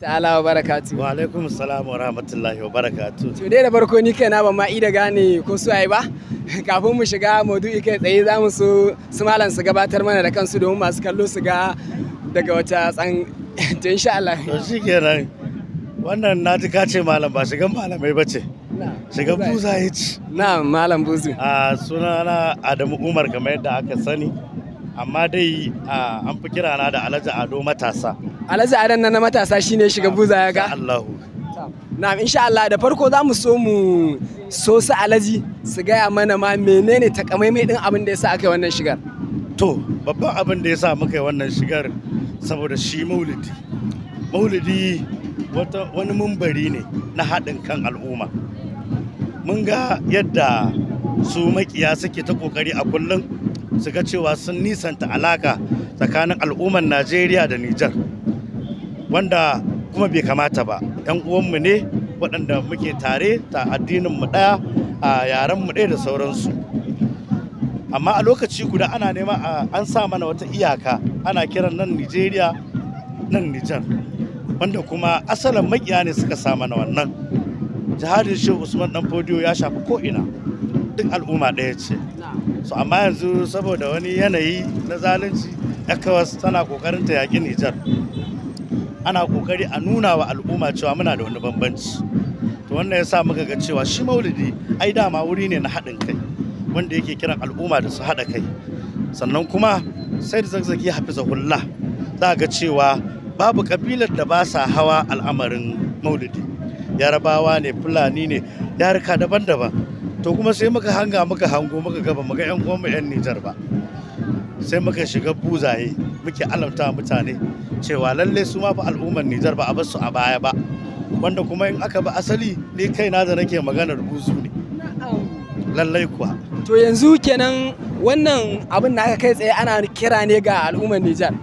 ta'ala wa barakatu wa alaikum salam wa rahmatullahi wa barakatu to dai da farko ni kaina ban ma ida gane ko su ai ba kafin mu shiga maudu'i kai tsaye za mu su su malam su gabatar mana da kansu domin masu kallo su ga daga wata tsan to insha Allah to shikenan wannan na ji kace malam ba shigan malamai bace shigan buza yace na malam buzu a sunana Adamu Umar kamar yadda aka sani amma dai an fi kira na da alhaji ado matasa alhaji adon nan na matasa shine shiga buza ya ga Allahu na'am insha Allah da farko za mu so mu so su alaji su gaya mana ma menene takamaimai din abin da yasa aka yi wannan shigar to babban abin da yasa muka yi wannan shigar saboda shi maulidi maulidi wani mumbari ne na haɗin kan al'umma mun ga yadda su makiya suke ta kokari a kullum su ga cewa sun nisanta alaka tsakanin al'ummar najeriya da nijar wanda kuma bai kamata ba 'yan uwanmu ne waɗanda muke tare ta addininmu ɗaya a yaren mu ɗaya da sauransu amma a lokaci guda ana nema an sa mana wata iyaka ana kiran nan nigeria nan nijar wanda kuma asalin makiya ne suka sa mana wannan jihadin shehu usman ɗan fodiyo ya shafi ko'ina duk al'umma ɗaya ce so amma yanzu saboda wani yanayi na zalunci ecowas tana kokarin ta yaƙi nijar ana kokari a nuna wa al'umma cewa muna da wani bambanci to wannan ya sa muka ga cewa shi maulidi ai dama wuri ne na haɗin kai wanda yake kiran al'umma da su haɗa kai sannan kuma sai da zagzagi zahulla za ga cewa babu kabilar da ba sa hawa al'amarin maulidi yarabawa ne fulani ne yarika daban-daban to kuma sai muka hanga muka hango muka gaba muka yan mu yan nijar ba sai muka shiga buzaye muke alamta mutane cewa lalle su ma fa al'ummar nijar ba a basu su a baya ba wanda kuma in aka ba asali ni kaina da nake maganar buzu ne lallai kuwa to yanzu kenan wannan abin da aka kai tsaye ana kira ne ga al'ummar nijar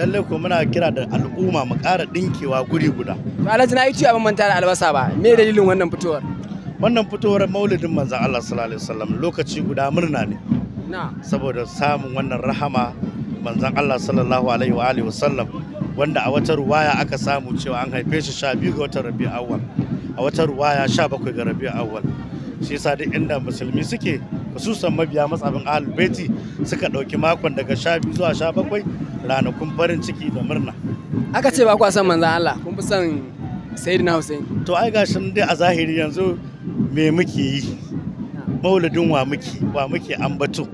lallai kuma muna kira da al'umma mu kara ɗinkewa guri guda. To Alhaji na yi ciwo abin manta da albasa ba, me dalilin wannan fitowar? wannan fitowar maulidin manzan Allah sallallahu alaihi wasallam lokaci guda murna ne saboda samun wannan rahama manzan Allah sallallahu alaihi wa alihi wasallam wanda a wata ruwaya aka samu cewa an haife shi 12 ga watan Rabiul Awwal a wata ruwaya 17 ga Rabiul Awwal shi yasa duk inda musulmi suke khususan mabiya matsabin Ahlul Baiti suka dauki makon daga 12 zuwa 17 ranakun farin ciki da murna aka ce ba kwa san manzan Allah kun fi son Sayyidina Hussein to ai gashin dai a zahiri yanzu me muke yi mauladin wa muke wa muke ambato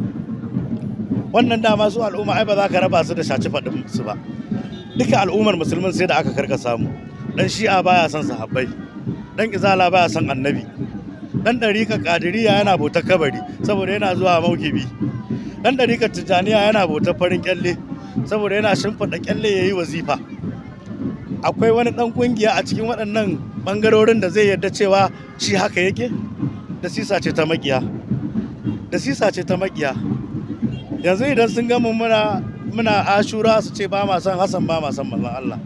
wannan dama su al'umma ai ba za ka raba su da shaci faɗin su ba duka al'ummar musulmin sai da aka karka samu dan shi'a baya son sahabbai dan izala baya son annabi dan dariƙa kadiriya yana bautar kabari saboda yana zuwa maukibi dan dariƙa tijaniya yana bautar farin kyalle saboda yana shimfiɗa kyalle yayi wazifa akwai wani ɗan ƙungiya a cikin waɗannan bangarorin da zai yarda cewa shi haka yake da sisa ce ta makiya da sisa ce ta makiya yanzu idan sun gama muna muna ashura su ce ba ma san hasan ba ma san manzon Allah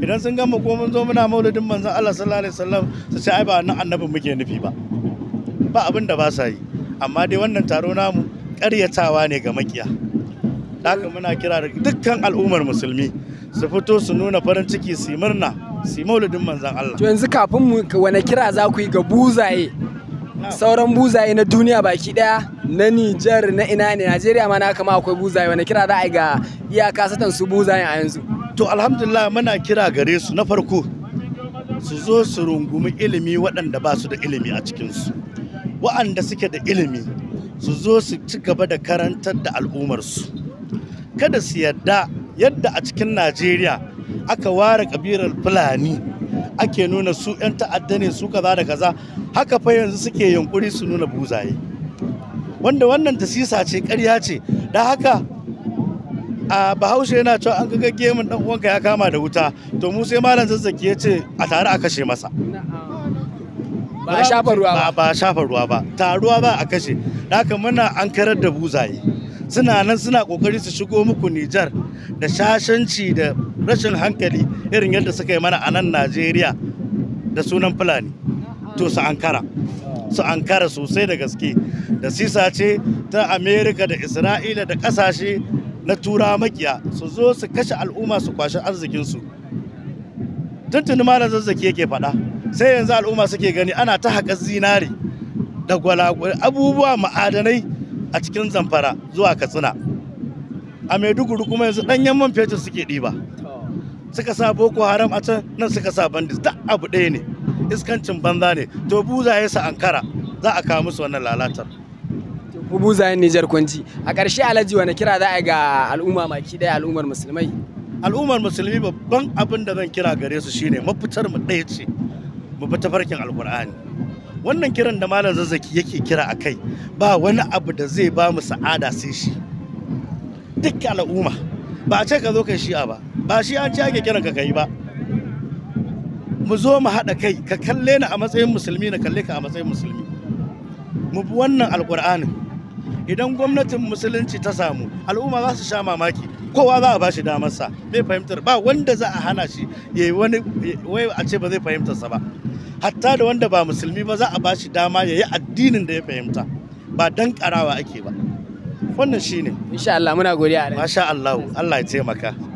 idan sun gama ko mun zo muna maulidin manzon Allah sallallahu alaihi wasallam su ce ai ba nan annabin muke nufi ba ba abin da ba sa yi amma dai wannan taro namu ƙaryatawa ne ga makiya haka muna kira da dukkan al'ummar musulmi su fito su nuna farin ciki su yi murna su mauludin manzan Allah. yanzu kafin mu wane kira za ku yi ga buzaye sauran buzaye na duniya baki daya na Nijar na ina ne Najeriya ma na kama akwai buzaye wane kira za a yi ga iyaka satan su buzaye a yanzu. To alhamdulillah muna kira gare su na farko su zo su rungumi ilimi waɗanda ba su da ilimi a cikinsu. Waɗanda suke da ilimi su zo su ci gaba da karantar da al'ummarsu. Kada su yadda yadda a cikin Najeriya aka ware kabilar fulani ake nuna su 'yan ta'adda ne su kaza da kaza haka fa yanzu suke yunkuri su nuna buzaye wanda wannan tasisa ce karya ce da haka a bahaushe yana cewa an ga gemun dan uwanka ya kama da wuta to mu sai malam zazzaki ya ce a tare a kashe masa ba a shafa ruwa ba ba a ruwa taruwa ba a kashe da haka muna an karar da buzaye suna nan suna kokari su shigo muku Nijar da shashanci da rashin hankali irin yadda suka yi mana a nan najeriya da sunan fulani to su ankara su ankara sosai da gaske da sisa ce ta amerika da isra'ila da kasashe na tura makiya su zo su kashe al'umma su kwashe arzikinsu tuntuni malam zazzaki yake faɗa sai yanzu al'umma suke gani ana ta haƙa zinari da gwalagwal abubuwa ma'adanai a cikin zamfara zuwa katsina a maiduguri kuma yanzu ɗanyen man fetur suke ɗiba suka sa boko haram a can nan suka sa bandit duk abu ɗaya ne iskancin banza ne to buzaye sa ankara za a kawo musu wannan lalatar ku buzayen Nijar kwanci a ƙarshe alhaji wani kira za a ga al'umma maki ɗaya al'ummar musulmai al'ummar musulmi babban abin da zan kira gare su shine mafitar mu ɗaya ce mu bi tafarkin alkur'ani wannan kiran da malam zazzaki yake kira a kai ba wani abu da zai ba mu sa'ada sai shi duk al'umma ba a ce ka zo kai shi'a ba ba shi an ce ake kiran ka kai ba mu zo mu haɗa kai ka kalle ni a matsayin musulmi na kalle ka a matsayin musulmi mu bi wannan alƙur'anin idan gwamnatin musulunci ta samu al'umma za su sha mamaki kowa za a bashi sa bai fahimtar ba wanda za a hana shi ya yi wani wai a ce ba zai sa ba hatta da wanda ba musulmi ba za a ba shi dama ya yi addinin da ya fahimta ba dan karawa ake ba wannan shine insha Allah muna godiya masha Allah Allah ya taimaka